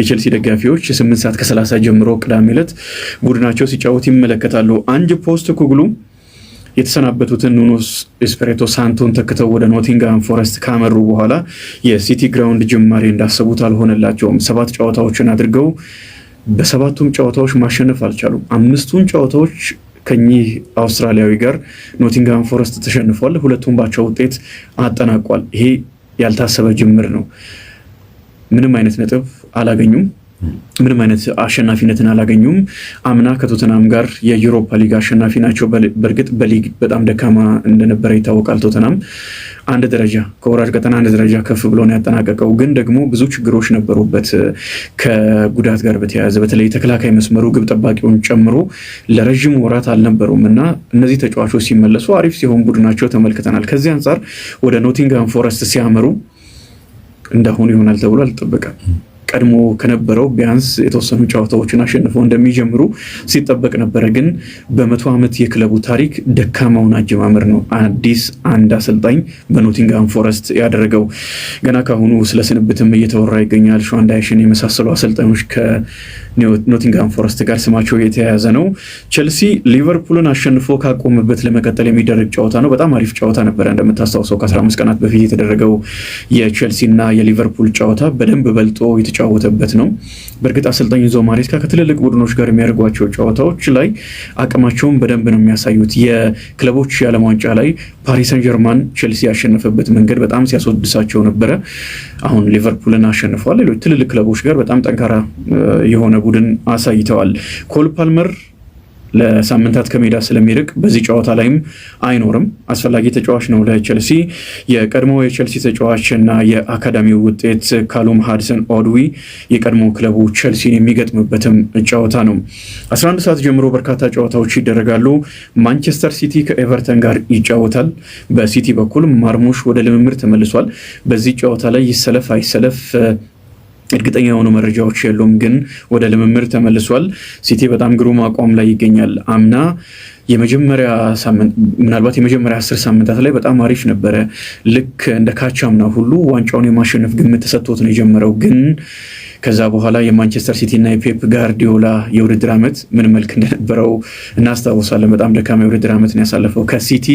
የቼልሲ ደጋፊዎች ስምንት ሰዓት ከሰላሳ ጀምሮ ቅዳሜ ዕለት ቡድናቸው ሲጫወት ይመለከታሉ። አንጅ ፖስት ኩግሉ የተሰናበቱትን ኑኖ ኤስፒሪቶ ሳንቶን ተክተው ወደ ኖቲንግሃም ፎረስት ካመሩ በኋላ የሲቲ ግራውንድ ጅማሬ እንዳሰቡት አልሆነላቸውም። ሰባት ጨዋታዎችን አድርገው በሰባቱም ጨዋታዎች ማሸነፍ አልቻሉም። አምስቱን ጨዋታዎች ከኚህ አውስትራሊያዊ ጋር ኖቲንግሃም ፎረስት ተሸንፏል። ሁለቱም ባቸው ውጤት አጠናቋል። ይሄ ያልታሰበ ጅምር ነው። ምንም አይነት ነጥብ አላገኙም። ምንም አይነት አሸናፊነትን አላገኙም። አምና ከቶተናም ጋር የዩሮፓ ሊግ አሸናፊ ናቸው። በእርግጥ በሊግ በጣም ደካማ እንደነበረ ይታወቃል። ቶተናም አንድ ደረጃ ከወራጅ ቀጠና አንድ ደረጃ ከፍ ብሎ ነው ያጠናቀቀው። ግን ደግሞ ብዙ ችግሮች ነበሩበት ከጉዳት ጋር በተያያዘ በተለይ ተከላካይ መስመሩ ግብ ጠባቂውን ጨምሮ ለረዥም ወራት አልነበሩም እና እነዚህ ተጫዋቾች ሲመለሱ አሪፍ ሲሆን ቡድናቸው ተመልክተናል። ከዚህ አንጻር ወደ ኖቲንግሃም ፎረስት ሲያመሩ እንደአሁኑ ይሆናል ተብሎ አልጠበቀም። ቀድሞ ከነበረው ቢያንስ የተወሰኑ ጨዋታዎችን አሸንፈው እንደሚጀምሩ ሲጠበቅ ነበረ። ግን በመቶ ዓመት የክለቡ ታሪክ ደካማውን አጀማመር ነው አዲስ አንድ አሰልጣኝ በኖቲንግሃም ፎረስት ያደረገው። ገና ካሁኑ ስለ ስንብትም እየተወራ ይገኛል። ሾንዳይሽን የመሳሰሉ አሰልጣኞች ከኖቲንግሃም ፎረስት ጋር ስማቸው የተያያዘ ነው። ቼልሲ ሊቨርፑልን አሸንፎ ካቆመበት ለመቀጠል የሚደረግ ጨዋታ ነው። በጣም አሪፍ ጨዋታ ነበረ እንደምታስታውሰው ከ15 ቀናት በፊት የተደረገው የቸልሲ እና የሊቨርፑል ጨዋታ በደንብ በልጦ የተጫ የተጫወተበት ነው። በእርግጥ አሰልጣኝ ዞ ማሬስካ ከትልልቅ ቡድኖች ጋር የሚያደርጓቸው ጨዋታዎች ላይ አቅማቸውን በደንብ ነው የሚያሳዩት። የክለቦች የዓለም ዋንጫ ላይ ፓሪሰን ጀርማን ቼልሲ ያሸነፈበት መንገድ በጣም ሲያስወድሳቸው ነበረ። አሁን ሊቨርፑልን አሸንፈዋል። ሌሎች ትልልቅ ክለቦች ጋር በጣም ጠንካራ የሆነ ቡድን አሳይተዋል። ኮል ፓልመር ለሳምንታት ከሜዳ ስለሚርቅ በዚህ ጨዋታ ላይም አይኖርም። አስፈላጊ ተጫዋች ነው ለቸልሲ የቀድሞ የቸልሲ ተጫዋች እና የአካዳሚው ውጤት ካሉም ሃድሰን ኦድዊ የቀድሞ ክለቡ ቸልሲን የሚገጥምበትም ጨዋታ ነው። 11 ሰዓት ጀምሮ በርካታ ጨዋታዎች ይደረጋሉ። ማንቸስተር ሲቲ ከኤቨርተን ጋር ይጫወታል። በሲቲ በኩል ማርሙሽ ወደ ልምምድ ተመልሷል። በዚህ ጨዋታ ላይ ይሰለፍ አይሰለፍ እርግጠኛ የሆኑ መረጃዎች የሉም፣ ግን ወደ ልምምድ ተመልሷል። ሲቲ በጣም ግሩም አቋም ላይ ይገኛል። አምና የመጀመሪያ ሳምንት ምናልባት የመጀመሪያ አስር ሳምንታት ላይ በጣም አሪፍ ነበረ። ልክ እንደ ካቻምና ሁሉ ዋንጫውን የማሸነፍ ግምት ተሰጥቶት ነው የጀመረው። ግን ከዛ በኋላ የማንቸስተር ሲቲ እና የፔፕ ጋርዲዮላ የውድድር ዓመት ምን መልክ እንደነበረው እናስታውሳለን። በጣም ደካማ የውድድር ዓመት ነው ያሳለፈው ከሲቲ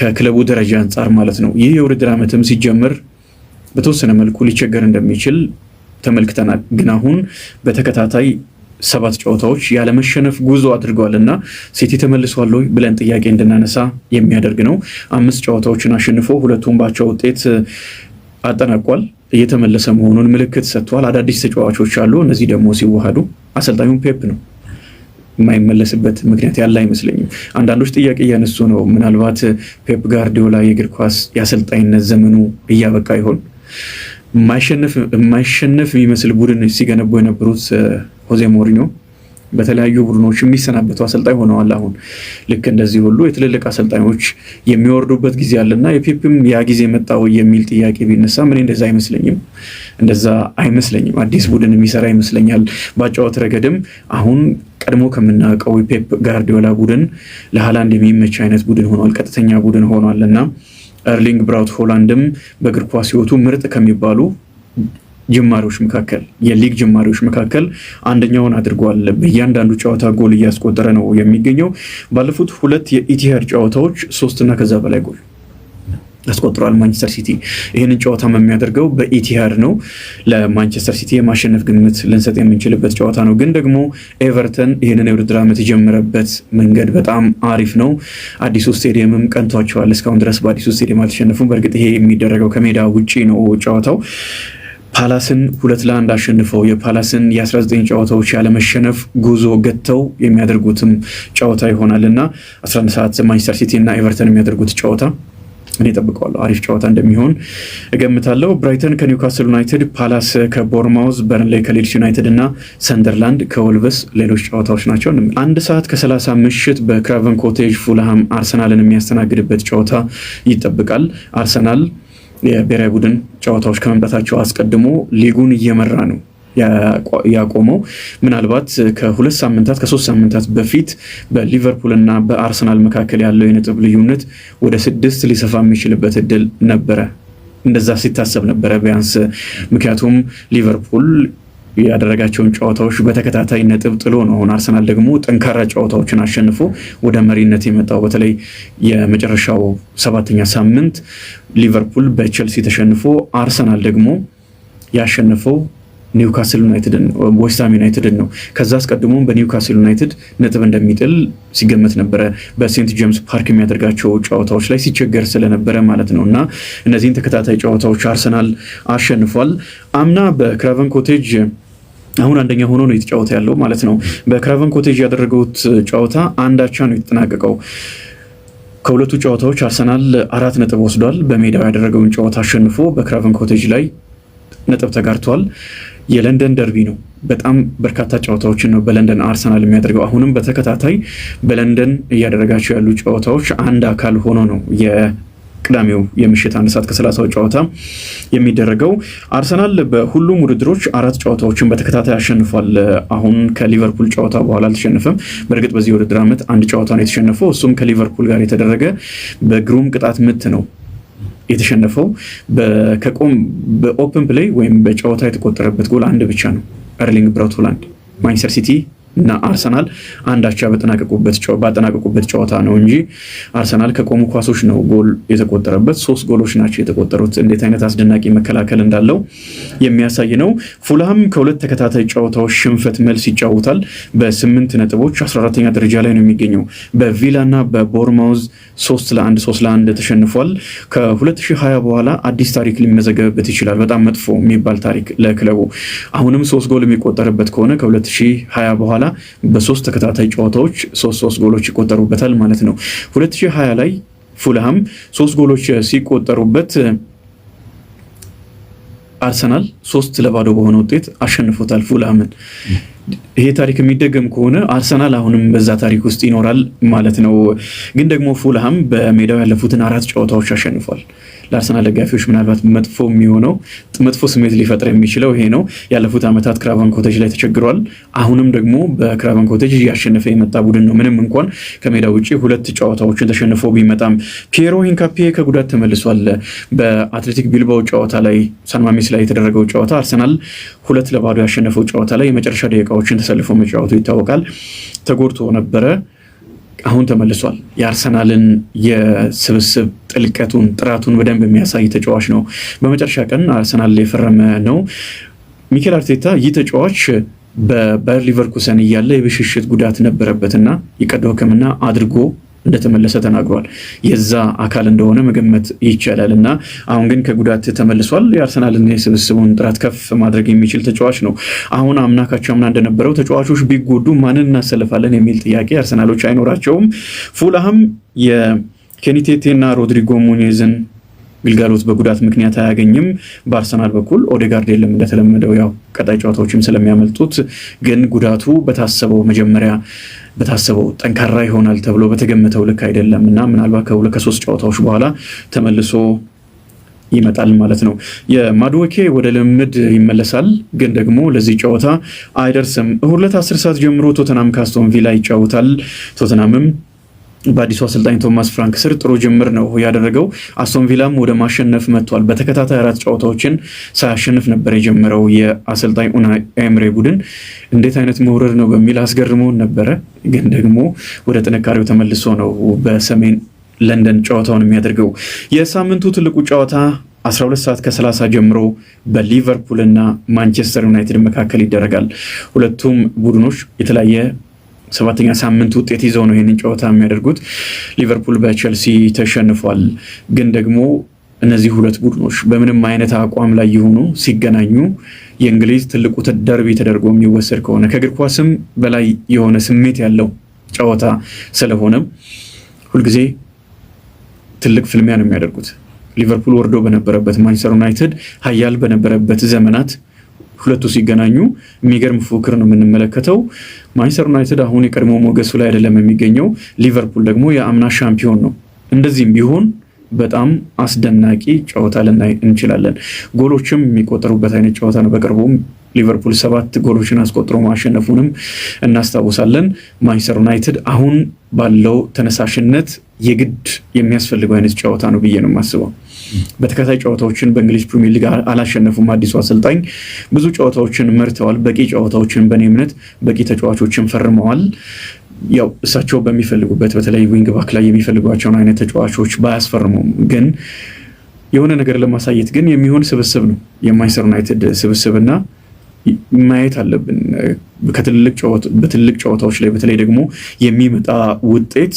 ከክለቡ ደረጃ አንጻር ማለት ነው። ይህ የውድድር ዓመትም ሲጀምር በተወሰነ መልኩ ሊቸገር እንደሚችል ተመልክተናል። ግን አሁን በተከታታይ ሰባት ጨዋታዎች ያለመሸነፍ ጉዞ አድርገዋል እና ሲቲ ተመልሷል ወይ ብለን ጥያቄ እንድናነሳ የሚያደርግ ነው። አምስት ጨዋታዎችን አሸንፎ ሁለቱም ባቸው ውጤት አጠናቋል። እየተመለሰ መሆኑን ምልክት ሰጥቷል። አዳዲስ ተጫዋቾች አሉ። እነዚህ ደግሞ ሲዋሃዱ አሰልጣኙን ፔፕ ነው የማይመለስበት ምክንያት ያለ አይመስለኝም። አንዳንዶች ጥያቄ እያነሱ ነው። ምናልባት ፔፕ ጋርዲዮላ የእግር ኳስ የአሰልጣኝነት ዘመኑ እያበቃ ይሆን? የማይሸነፍ የሚመስል ቡድን ሲገነቡ የነበሩት ሆዜ ሞሪኞ በተለያዩ ቡድኖች የሚሰናበቱ አሰልጣኝ ሆነዋል። አሁን ልክ እንደዚህ ሁሉ የትልልቅ አሰልጣኞች የሚወርዱበት ጊዜ አለና የፔፕም ያ ጊዜ መጣው የሚል ጥያቄ ቢነሳ ምን እንደዛ አይመስለኝም። እንደዛ አይመስለኝም። አዲስ ቡድን የሚሰራ ይመስለኛል። በጫወት ረገድም አሁን ቀድሞ ከምናውቀው የፔፕ ጋርዲዮላ ቡድን ለሃላንድ የሚመች አይነት ቡድን ሆኗል። ቀጥተኛ ቡድን ሆኗል እና ኤርሊንግ ብራውት ሆላንድም በእግር ኳስ ህይወቱ ምርጥ ከሚባሉ ጅማሪዎች መካከል የሊግ ጅማሪዎች መካከል አንደኛውን አድርጓል። በእያንዳንዱ ጨዋታ ጎል እያስቆጠረ ነው የሚገኘው። ባለፉት ሁለት የኢቲሃድ ጨዋታዎች ሶስትና ከዛ በላይ ጎል አስቆጥሯል ማንቸስተር ሲቲ። ይህንን ጨዋታ የሚያደርገው በኢቲሃድ ነው። ለማንቸስተር ሲቲ የማሸነፍ ግምት ልንሰጥ የምንችልበት ጨዋታ ነው። ግን ደግሞ ኤቨርተን ይህንን የውድድር ዓመት የጀመረበት መንገድ በጣም አሪፍ ነው። አዲሱ ስቴዲየምም ቀንቷቸዋል። እስካሁን ድረስ በአዲሱ ስቴዲየም አልተሸነፉም። በእርግጥ ይሄ የሚደረገው ከሜዳ ውጪ ነው ጨዋታው ፓላስን ሁለት ለአንድ አሸንፈው የፓላስን የ19 ጨዋታዎች ያለመሸነፍ ጉዞ ገጥተው የሚያደርጉትም ጨዋታ ይሆናል እና 11 ሰዓት ማንቸስተር ሲቲ እና ኤቨርተን የሚያደርጉት ጨዋታ ምን ይጠብቀዋለሁ። አሪፍ ጨዋታ እንደሚሆን እገምታለሁ። ብራይተን ከኒውካስል ዩናይትድ፣ ፓላስ ከቦርማውዝ፣ በርንሌይ ከሌድስ ዩናይትድ እና ሰንደርላንድ ከወልቨስ ሌሎች ጨዋታዎች ናቸው። አንድ ሰዓት ከ30 ምሽት በክራቨን ኮቴጅ ፉልሃም አርሰናልን የሚያስተናግድበት ጨዋታ ይጠብቃል። አርሰናል የብሔራዊ ቡድን ጨዋታዎች ከመምጣታቸው አስቀድሞ ሊጉን እየመራ ነው። ያቆመው ምናልባት ከሁለት ሳምንታት ከሶስት ሳምንታት በፊት በሊቨርፑል እና በአርሰናል መካከል ያለው የነጥብ ልዩነት ወደ ስድስት ሊሰፋ የሚችልበት እድል ነበረ። እንደዛ ሲታሰብ ነበረ ቢያንስ ምክንያቱም ሊቨርፑል ያደረጋቸውን ጨዋታዎች በተከታታይ ነጥብ ጥሎ ነው። አሁን አርሰናል ደግሞ ጠንካራ ጨዋታዎችን አሸንፎ ወደ መሪነት የመጣው በተለይ የመጨረሻው ሰባተኛ ሳምንት ሊቨርፑል በቼልሲ ተሸንፎ አርሰናል ደግሞ ያሸነፈው ኒውካስል ዩናይትድን ዌስትሃም ዩናይትድን ነው። ከዛ አስቀድሞም በኒውካስል ዩናይትድ ነጥብ እንደሚጥል ሲገመት ነበረ። በሴንት ጄምስ ፓርክ የሚያደርጋቸው ጨዋታዎች ላይ ሲቸገር ስለነበረ ማለት ነው። እና እነዚህን ተከታታይ ጨዋታዎች አርሰናል አሸንፏል። አምና በክራቨን ኮቴጅ አሁን አንደኛ ሆኖ ነው የተጫወተ ያለው ማለት ነው። በክራቨን ኮቴጅ ያደረገውት ጨዋታ አንዳቻ ነው የተጠናቀቀው። ከሁለቱ ጨዋታዎች አርሰናል አራት ነጥብ ወስዷል። በሜዳው ያደረገውን ጨዋታ አሸንፎ በክራቨን ኮቴጅ ላይ ነጥብ ተጋርቷል። የለንደን ደርቢ ነው። በጣም በርካታ ጨዋታዎችን ነው በለንደን አርሰናል የሚያደርገው። አሁንም በተከታታይ በለንደን እያደረጋቸው ያሉ ጨዋታዎች አንድ አካል ሆኖ ነው ቅዳሜው የምሽት አንድ ሰዓት ከሰላሳው ጨዋታ የሚደረገው አርሰናል በሁሉም ውድድሮች አራት ጨዋታዎችን በተከታታይ አሸንፏል። አሁን ከሊቨርፑል ጨዋታ በኋላ አልተሸነፈም። በእርግጥ በዚህ ውድድር ዓመት አንድ ጨዋታ ነው የተሸነፈው፣ እሱም ከሊቨርፑል ጋር የተደረገ በግሩም ቅጣት ምት ነው። የተሸነፈው ከቆም በኦፕን ፕሌይ ወይም በጨዋታ የተቆጠረበት ጎል አንድ ብቻ ነው። ኤርሊንግ ብራውት ሆላንድ ማንቸስተር ሲቲ እና አርሰናል አንድ አቻ ባጠናቀቁበት ጨዋታ ነው እንጂ አርሰናል ከቆሙ ኳሶች ነው ጎል የተቆጠረበት። ሶስት ጎሎች ናቸው የተቆጠሩት። እንዴት አይነት አስደናቂ መከላከል እንዳለው የሚያሳይ ነው። ፉልሃም ከሁለት ተከታታይ ጨዋታዎች ሽንፈት መልስ ይጫወታል። በስምንት ነጥቦች 14ኛ ደረጃ ላይ ነው የሚገኘው። በቪላ እና በቦርማውዝ ሶስት ለአንድ ሶስት ለአንድ ተሸንፏል። ከ2020 በኋላ አዲስ ታሪክ ሊመዘገብበት ይችላል። በጣም መጥፎ የሚባል ታሪክ ለክለቡ አሁንም ሶስት ጎል የሚቆጠርበት ከሆነ ከ2020 በኋላ በሶስት ተከታታይ ጨዋታዎች ሶስት ሶስት ጎሎች ይቆጠሩበታል ማለት ነው። 2020 ላይ ፉልሃም ሶስት ጎሎች ሲቆጠሩበት አርሰናል ሶስት ለባዶ በሆነ ውጤት አሸንፎታል ፉልሃምን። ይሄ ታሪክ የሚደገም ከሆነ አርሰናል አሁንም በዛ ታሪክ ውስጥ ይኖራል ማለት ነው። ግን ደግሞ ፉልሃም በሜዳው ያለፉትን አራት ጨዋታዎች አሸንፏል። ለአርሰናል ደጋፊዎች ምናልባት መጥፎ የሚሆነው መጥፎ ስሜት ሊፈጥር የሚችለው ይሄ ነው። ያለፉት ዓመታት ክራቫን ኮቴጅ ላይ ተቸግሯል። አሁንም ደግሞ በክራቫን ኮቴጅ እያሸነፈ የመጣ ቡድን ነው። ምንም እንኳን ከሜዳ ውጭ ሁለት ጨዋታዎችን ተሸንፎ ቢመጣም ፒየሮ ሂንካፔ ከጉዳት ተመልሷል። በአትሌቲክ ቢልባው ጨዋታ ላይ ሳንማሚስ ላይ የተደረገው ጨዋታ አርሰናል ሁለት ለባዶ ያሸነፈው ጨዋታ ላይ የመጨረሻ ደቂቃዎችን ተሰልፎ መጫወቱ ይታወቃል። ተጎድቶ ነበረ። አሁን ተመልሷል። የአርሰናልን የስብስብ ጥልቀቱን ጥራቱን በደንብ የሚያሳይ ተጫዋች ነው። በመጨረሻ ቀን አርሰናል የፈረመ ነው ሚኬል አርቴታ። ይህ ተጫዋች በባየር ሊቨርኩሰን እያለ የብሽሽት ጉዳት ነበረበትና የቀዶ ሕክምና አድርጎ እንደተመለሰ ተናግሯል። የዛ አካል እንደሆነ መገመት ይቻላል እና አሁን ግን ከጉዳት ተመልሷል። የአርሰናልና የስብስቡን ጥራት ከፍ ማድረግ የሚችል ተጫዋች ነው። አሁን አምና አምና እንደነበረው ተጫዋቾች ቢጎዱ ማንን እናሰልፋለን የሚል ጥያቄ አርሰናሎች አይኖራቸውም። ፉልሃም የኬኒቴቴና ሮድሪጎ ሙኔዝን ግልጋሎት በጉዳት ምክንያት አያገኝም። በአርሰናል በኩል ኦዴጋርድ የለም እንደተለመደው ያው ቀጣይ ጨዋታዎችም ስለሚያመልጡት፣ ግን ጉዳቱ በታሰበው መጀመሪያ በታሰበው ጠንካራ ይሆናል ተብሎ በተገመተው ልክ አይደለም እና ምናልባት ከሁለት ከሶስት ጨዋታዎች በኋላ ተመልሶ ይመጣል ማለት ነው። የማድወኬ ወደ ልምምድ ይመለሳል፣ ግን ደግሞ ለዚህ ጨዋታ አይደርስም። እሁድ ዕለት አስር ሰዓት ጀምሮ ቶተናም ካስቶን ቪላ ይጫወታል። ቶተናምም በአዲሱ አሰልጣኝ ቶማስ ፍራንክ ስር ጥሩ ጅምር ነው ያደረገው። አስቶን ቪላም ወደ ማሸነፍ መጥቷል። በተከታታይ አራት ጨዋታዎችን ሳያሸንፍ ነበር የጀመረው የአሰልጣኝ ኡናይ ኤምሬ ቡድን። እንዴት አይነት መውረድ ነው በሚል አስገርመውን ነበረ፣ ግን ደግሞ ወደ ጥንካሬው ተመልሶ ነው በሰሜን ለንደን ጨዋታውን የሚያደርገው። የሳምንቱ ትልቁ ጨዋታ 12 ሰዓት ከ30 ጀምሮ በሊቨርፑል እና ማንቸስተር ዩናይትድ መካከል ይደረጋል። ሁለቱም ቡድኖች የተለያየ ሰባተኛ ሳምንት ውጤት ይዘው ነው ይህንን ጨዋታ የሚያደርጉት። ሊቨርፑል በቼልሲ ተሸንፏል። ግን ደግሞ እነዚህ ሁለት ቡድኖች በምንም አይነት አቋም ላይ የሆኑ ሲገናኙ የእንግሊዝ ትልቁ ደርቢ ተደርጎ የሚወሰድ ከሆነ ከእግር ኳስም በላይ የሆነ ስሜት ያለው ጨዋታ ስለሆነም ሁልጊዜ ትልቅ ፍልሚያ ነው የሚያደርጉት። ሊቨርፑል ወርዶ በነበረበት፣ ማንቸስተር ዩናይትድ ሀያል በነበረበት ዘመናት ሁለቱ ሲገናኙ የሚገርም ፉክክር ነው የምንመለከተው። ማንቸስተር ዩናይትድ አሁን የቀድሞ ሞገሱ ላይ አይደለም የሚገኘው። ሊቨርፑል ደግሞ የአምና ሻምፒዮን ነው። እንደዚህም ቢሆን በጣም አስደናቂ ጨዋታ ልናይ እንችላለን። ጎሎችም የሚቆጠሩበት አይነት ጨዋታ ነው። በቅርቡም ሊቨርፑል ሰባት ጎሎችን አስቆጥሮ ማሸነፉንም እናስታውሳለን። ማንቸስተር ዩናይትድ አሁን ባለው ተነሳሽነት የግድ የሚያስፈልገው አይነት ጨዋታ ነው ብዬ ነው የማስበው። በተከታይ ጨዋታዎችን በእንግሊዝ ፕሪሚየር ሊግ አላሸነፉም። አዲሱ አሰልጣኝ ብዙ ጨዋታዎችን መርተዋል። በቂ ጨዋታዎችን በእኔ እምነት በቂ ተጫዋቾችን ፈርመዋል። ያው እሳቸው በሚፈልጉበት በተለይ ዊንግ ባክ ላይ የሚፈልጓቸውን አይነት ተጫዋቾች ባያስፈርሙም ግን የሆነ ነገር ለማሳየት ግን የሚሆን ስብስብ ነው የማንቸስተር ዩናይትድ ስብስብ እና ማየት አለብን። በትልቅ ጨዋታዎች ላይ በተለይ ደግሞ የሚመጣ ውጤት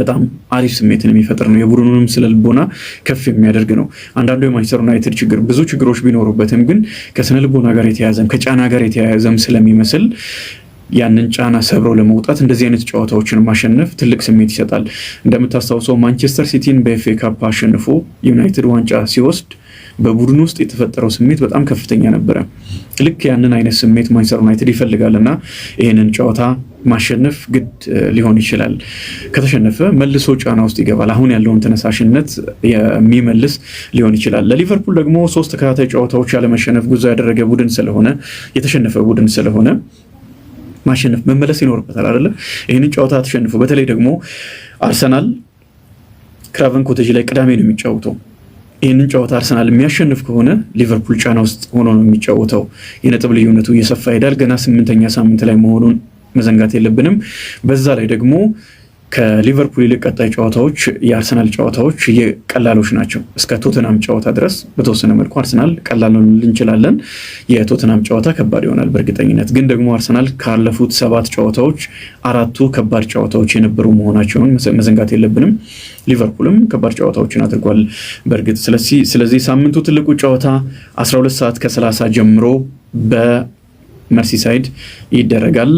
በጣም አሪፍ ስሜትን የሚፈጥር ነው። የቡድኑንም ስነ ልቦና ከፍ የሚያደርግ ነው። አንዳንዱ የማንቸስተር ዩናይትድ ችግር ብዙ ችግሮች ቢኖሩበትም ግን ከስነ ልቦና ጋር የተያያዘም ከጫና ጋር የተያያዘም ስለሚመስል ያንን ጫና ሰብረው ለመውጣት እንደዚህ አይነት ጨዋታዎችን ማሸነፍ ትልቅ ስሜት ይሰጣል። እንደምታስታውሰው ማንቸስተር ሲቲን በኤፍ ኤ ካፕ አሸንፎ ዩናይትድ ዋንጫ ሲወስድ በቡድን ውስጥ የተፈጠረው ስሜት በጣም ከፍተኛ ነበረ። ልክ ያንን አይነት ስሜት ማንቸስተር ዩናይትድ ይፈልጋል እና ይህንን ጨዋታ ማሸነፍ ግድ ሊሆን ይችላል። ከተሸነፈ መልሶ ጫና ውስጥ ይገባል። አሁን ያለውን ተነሳሽነት የሚመልስ ሊሆን ይችላል። ለሊቨርፑል ደግሞ ሶስት ተከታታይ ጨዋታዎች ያለመሸነፍ ጉዞ ያደረገ ቡድን ስለሆነ የተሸነፈ ቡድን ስለሆነ ማሸነፍ መመለስ ይኖርበታል አይደለ? ይህንን ጨዋታ ተሸንፎ በተለይ ደግሞ አርሰናል ክራቨን ኮቴጅ ላይ ቅዳሜ ነው የሚጫወተው። ይህንን ጨዋታ አርሰናል የሚያሸንፍ ከሆነ ሊቨርፑል ጫና ውስጥ ሆኖ ነው የሚጫወተው። የነጥብ ልዩነቱ እየሰፋ ይሄዳል። ገና ስምንተኛ ሳምንት ላይ መሆኑን መዘንጋት የለብንም። በዛ ላይ ደግሞ ከሊቨርፑል ይልቅ ቀጣይ ጨዋታዎች የአርሰናል ጨዋታዎች ቀላሎች ናቸው። እስከ ቶትናም ጨዋታ ድረስ በተወሰነ መልኩ አርሰናል ቀላል እንችላለን። የቶትናም ጨዋታ ከባድ ይሆናል በእርግጠኝነት። ግን ደግሞ አርሰናል ካለፉት ሰባት ጨዋታዎች አራቱ ከባድ ጨዋታዎች የነበሩ መሆናቸውን መዘንጋት የለብንም። ሊቨርፑልም ከባድ ጨዋታዎችን አድርጓል በእርግጥ። ስለዚህ ሳምንቱ ትልቁ ጨዋታ 12 ሰዓት ከ30 ጀምሮ በመርሲሳይድ ይደረጋል።